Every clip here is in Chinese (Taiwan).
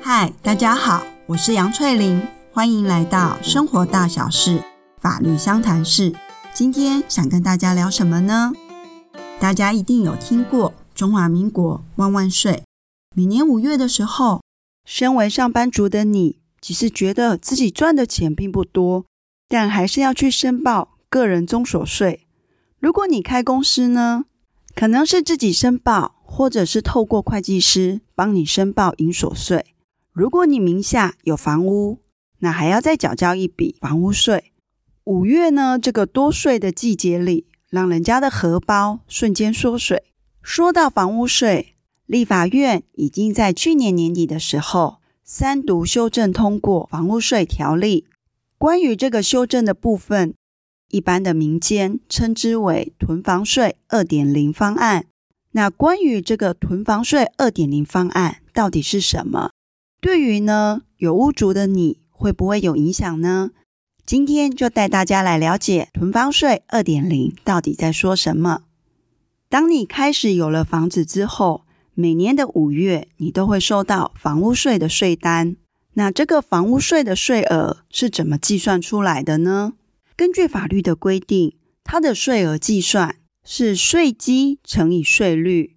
嗨，Hi, 大家好，我是楊翠玲，歡迎來到生活大小事法律相談室。今天想跟大家聊什麼呢？大家一定有聽過中華民國萬萬稅。每年五月的時候，身為上班族的你，即使覺得自己賺的錢並不多，但還是要去申報個人綜所稅。如果你開公司呢？可能是自己申報，或者是透過會計師幫你申報營所稅。如果你名下有房屋，那還要再繳交一筆房屋稅。五月呢，這個多稅的季節裡，讓人家的荷包瞬間縮水。說到房屋稅，立法院已經在去年年底的時候三讀修正通過房屋稅條例。關於這個修正的部分，一般的民間稱之為“囤房稅二點零方案”。那關於這個“囤房稅二點零方案”到底是什麼？對於呢有屋主的你會不會有影響呢？今天就帶大家來了解“囤房稅二點零”到底在說什麼。當你開始有了房子之後，每年的五月你都會收到房屋稅的稅單。那這個房屋稅的稅額是怎麼計算出來的呢？根據法律的規定，它的稅額計算是稅基乘以稅率。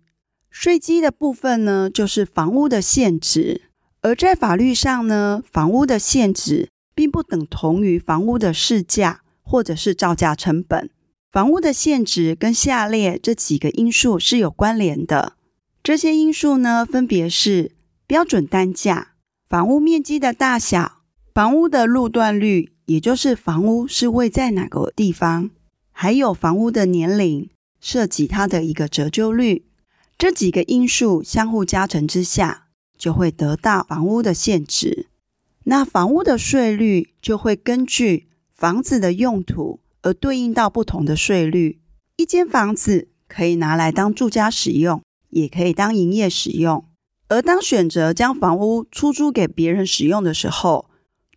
稅基的部分呢，就是房屋的現值。而在法律上呢，房屋的現值並不等同於房屋的市價或者是造價成本。房屋的現值跟下列這幾個因素是有關聯的。這些因素呢，分別是標準單價、房屋面積的大小、房屋的路段率。也就是房屋是位在哪個地方，還有房屋的年齡，涉及它的一個折舊率，這幾個因素相互加成之下，就會得到房屋的現值。那房屋的稅率就會根據房子的用途而對應到不同的稅率。一間房子可以拿來當住家使用，也可以當營業使用。而當選擇將房屋出租給別人使用的時候，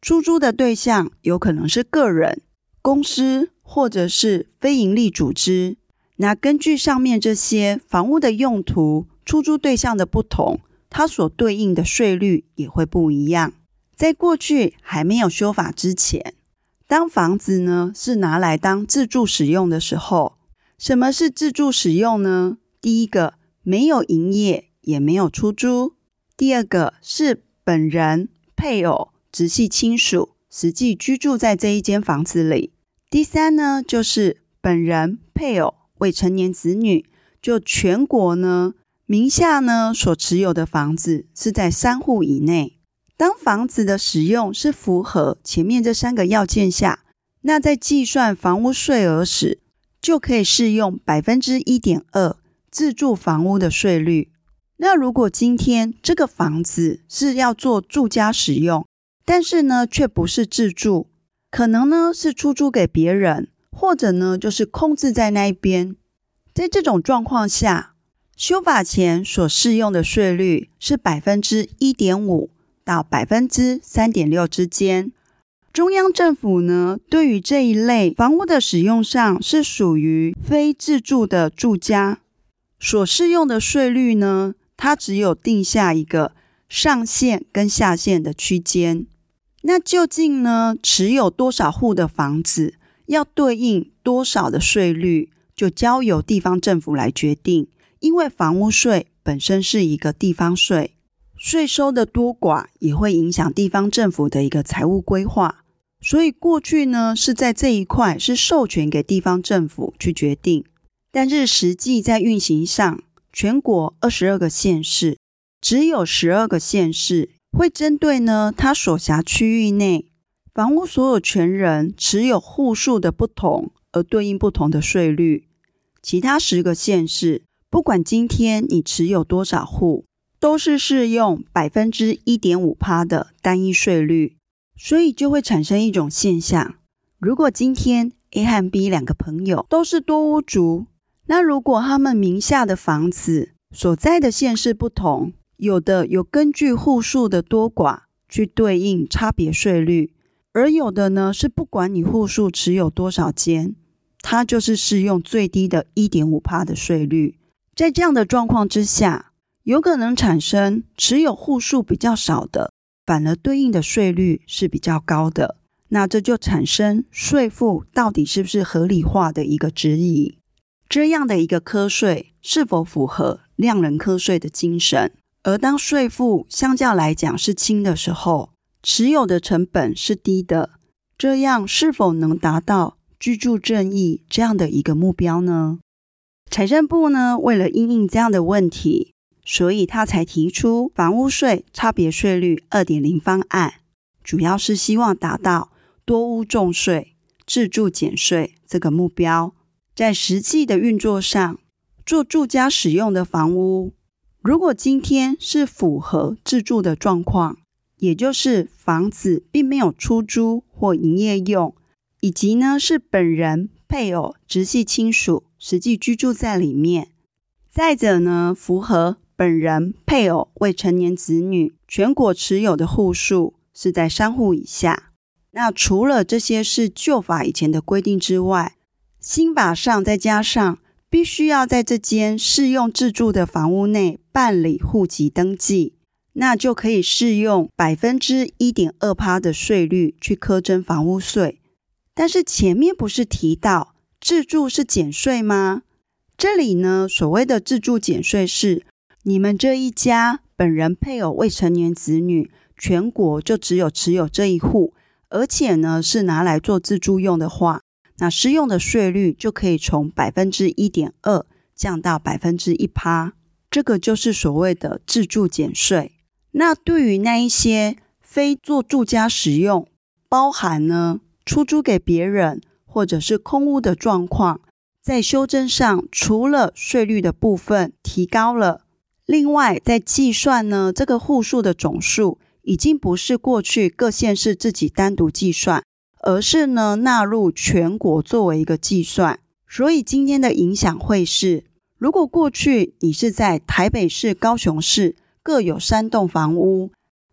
出租的對象有可能是個人、公司或者是非營利組織。那根據上面這些房屋的用途、出租對象的不同，它所對應的稅率也會不一樣。在過去還沒有修法之前，當房子呢是拿來當自住使用的時候，什麼是自住使用呢？第一個沒有營業，也沒有出租；第二個是本人配偶。直系親屬實際居住在這一間房子裡。第三呢，就是本人、配偶、未成年子女，就全國呢名下呢所持有的房子是在三戶以內。當房子的使用是符合前面這三個要件下，那在計算房屋稅額時，就可以適用百分之一點二自住房屋的稅率。那如果今天這個房子是要做住家使用，但是呢，卻不是自住，可能呢是出租給別人，或者呢就是空置在那邊。在這種狀況下，修法前所適用的稅率是百分之一點五到百分之三點六之間。中央政府呢，對於這一類房屋的使用上是屬於非自住的住家，所適用的稅率呢，它只有定下一個上限跟下限的區間。那究竟呢，持有多少戶的房子，要對應多少的稅率，就交由地方政府來決定。因為房屋稅本身是一個地方稅，稅收的多寡也會影響地方政府的一個財務規劃，所以過去呢，是在這一塊是授權給地方政府去決定。但是實際在運行上，全國二十二個縣市，只有十二個縣市，會針對呢，他所轄區域內房屋所有權人持有戶數的不同而對應不同的稅率。其他十個縣市，不管今天你持有多少戶，都是適用百分之一點五趴的單一稅率。所以就會產生一種現象：如果今天 A 和 B 兩個朋友都是多屋主，那如果他們名下的房子所在的縣市不同，有的有根據戶數的多寡去對應差別稅率，而有的呢是不管你戶數持有多少間，它就是適用最低的一點五趴的稅率。在這樣的狀況之下，有可能產生持有戶數比較少的，反而對應的稅率是比較高的。那這就產生稅負到底是不是合理化的一個質疑？這樣的一個課稅是否符合量能課稅的精神？而當稅負相較來講是輕的時候，持有的成本是低的，這樣是否能達到居住正義這樣的一個目標呢？財政部呢，為了因應這樣的問題，所以他才提出房屋稅差別稅率二點零方案，主要是希望達到多屋重稅、自住減稅這個目標。在實際的運作上，做住家使用的房屋。如果今天是符合自住的狀況，也就是房子並沒有出租或營業用，以及呢是本人配偶、直系親屬實際居住在裡面。再者呢，符合本人配偶、未成年子女全國持有的戶數是在三戶以下。那除了這些是舊法以前的規定之外，新法上再加上。必須要在這間適用自住的房屋內辦理戶籍登記，那就可以適用百分之一點二的稅率去課徵房屋稅。但是前面不是提到自住是減稅嗎？這裡呢所謂的自住減稅是你們這一家本人、配偶、未成年子女，全國就只有持有這一戶，而且呢是拿來做自住用的話。那適用的稅率就可以從百分之一點二降到百分之一趴，這個就是所謂的自住減稅。那對於那一些非做住家使用，包含呢，出租給別人或者是空屋的狀況，在修正上除了稅率的部分提高了，另外在計算呢，這個戶數的總數，已經不是過去各縣市自己單獨計算。而是呢，納入全國作為一個計算。所以今天的影響會是，如果過去你是在台北市、高雄市各有三棟房屋，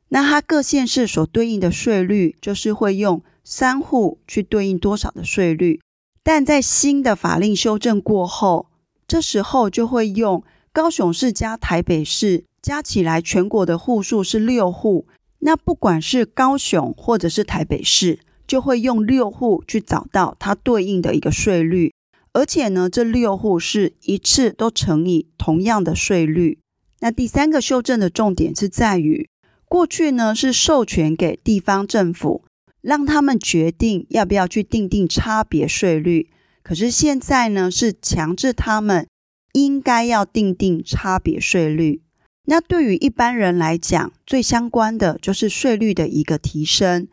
那它各縣市所對應的稅率就是會用三戶去對應多少的稅率。但在新的法令修正過後，這時候就會用高雄市加台北市加起來，全國的戶數是六戶。那不管是高雄或者是台北市。就會用六戶去找到它對應的一個稅率，而且呢，這六戶是一次都乘以同樣的稅率。那第三個修正的重點是在於，過去呢是授權給地方政府，讓他們決定要不要去訂定差別稅率，可是現在呢是強制他們應該要訂定差別稅率。那對於一般人來講，最相關的就是稅率的一個提升。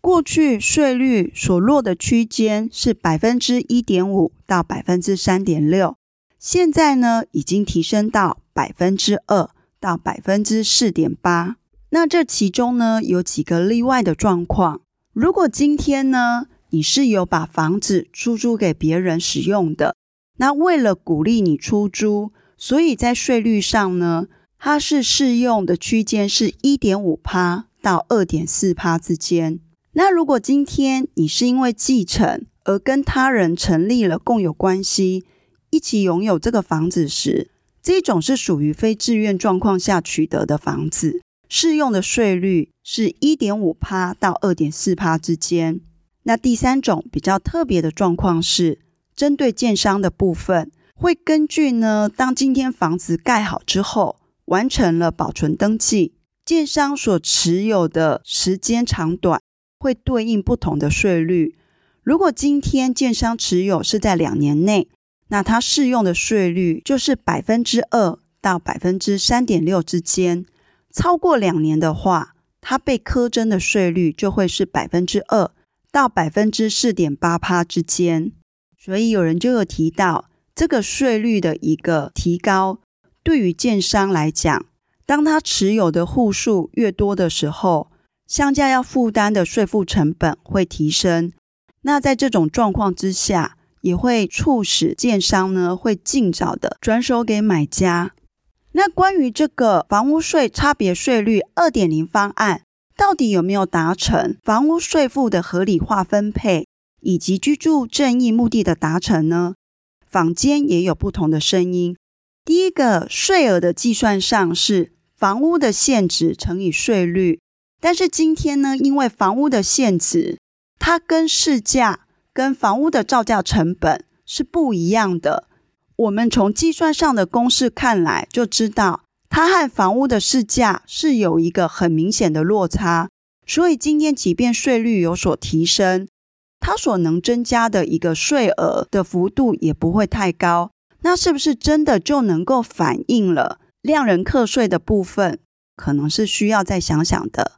過去稅率所落的區間是百分之一點五到百分之三點六，現在呢已經提升到百分之二到百分之四點八。那這其中呢有幾個例外的狀況。如果今天呢你是有把房子出租給別人使用的，那為了鼓勵你出租，所以在稅率上呢它是適用的區間是一點五趴到二點四趴之間。那如果今天你是因為繼承而跟他人成立了共有關係，一起擁有這個房子時，這一種是屬於非自願狀況下取得的房子，適用的稅率是一點五趴到二點四趴之間。那第三種比較特別的狀況是，針對建商的部分，會根據呢，當今天房子蓋好之後，完成了保存登記，建商所持有的時間長短。會對應不同的稅率。如果今天建商持有是在兩年內，那它適用的稅率就是百分之二到百分之三點六之間。超過兩年的話，它被課徵的稅率就會是百分之二到百分之四點八趴之間。所以有人就有提到，這個稅率的一個提高，對於建商來講，當他持有的戶數越多的時候。商家要負擔的稅負成本會提升，那在這種狀況之下，也會促使建商呢會盡早的轉手給買家。那關於這個房屋稅差別稅率二點零方案，到底有沒有達成房屋稅負的合理化分配以及居住正義目的的達成呢？坊間也有不同的聲音。第一個稅額的計算上是房屋的現值乘以稅率。但是今天呢，因為房屋的現值，它跟市價、跟房屋的造價成本是不一樣的。我們從計算上的公式看來，就知道它和房屋的市價是有一個很明顯的落差。所以今天即便稅率有所提升，它所能增加的一個稅額的幅度也不會太高。那是不是真的就能夠反映了量人課稅的部分，可能是需要再想想的。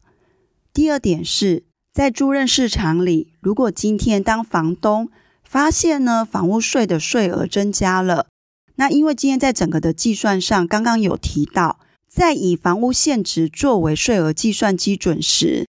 第二點是在租賃市場裡，如果今天當房東發現呢，房屋稅的稅額增加了，那因為今天在整個的計算上剛剛有提到，在以房屋現值作為稅額計算基準時，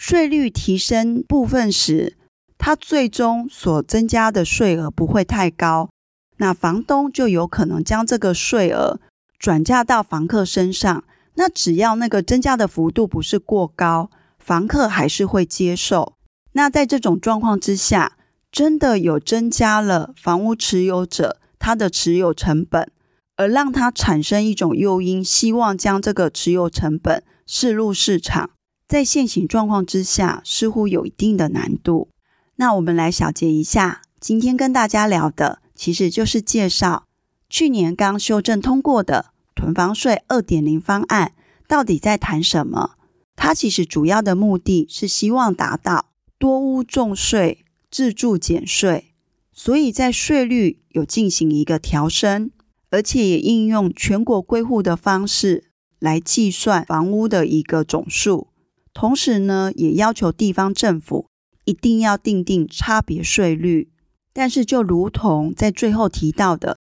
稅率提升部分時，它最終所增加的稅額不會太高，那房東就有可能將這個稅額轉嫁到房客身上。那只要那個增加的幅度不是過高。房客還是會接受。那在這種狀況之下，真的有增加了房屋持有者他的持有成本，而讓他產生一種誘因，希望將這個持有成本釋入市場。在現行狀況之下，似乎有一定的難度。那我們來小結一下，今天跟大家聊的，其實就是介紹去年剛修正通過的囤房稅二點零方案到底在談什麼？它其實主要的目的是希望達到多屋重稅、自住減稅，所以在稅率有進行一個調升，而且也應用全國歸戶的方式來計算房屋的一個總數，同時呢，也要求地方政府一定要訂定差別稅率。但是就如同在最後提到的，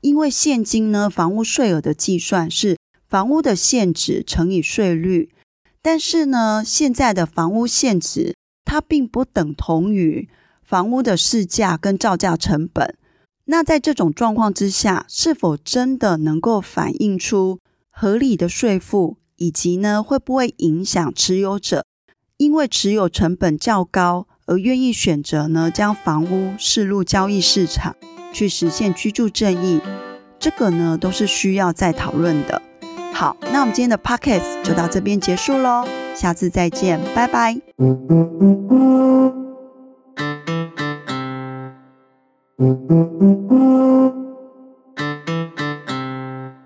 因為現今呢，房屋稅額的計算是房屋的現值乘以稅率。但是呢，現在的房屋現值它並不等同於房屋的市價跟造價成本。那在這種狀況之下，是否真的能夠反映出合理的稅負，以及呢，會不會影響持有者因為持有成本較高而願意選擇呢將房屋釋入交易市場去實現居住正義？這個呢，都是需要再討論的。好，那我們今天的 Podcast 就到這邊結束嘍，下次再見，拜拜。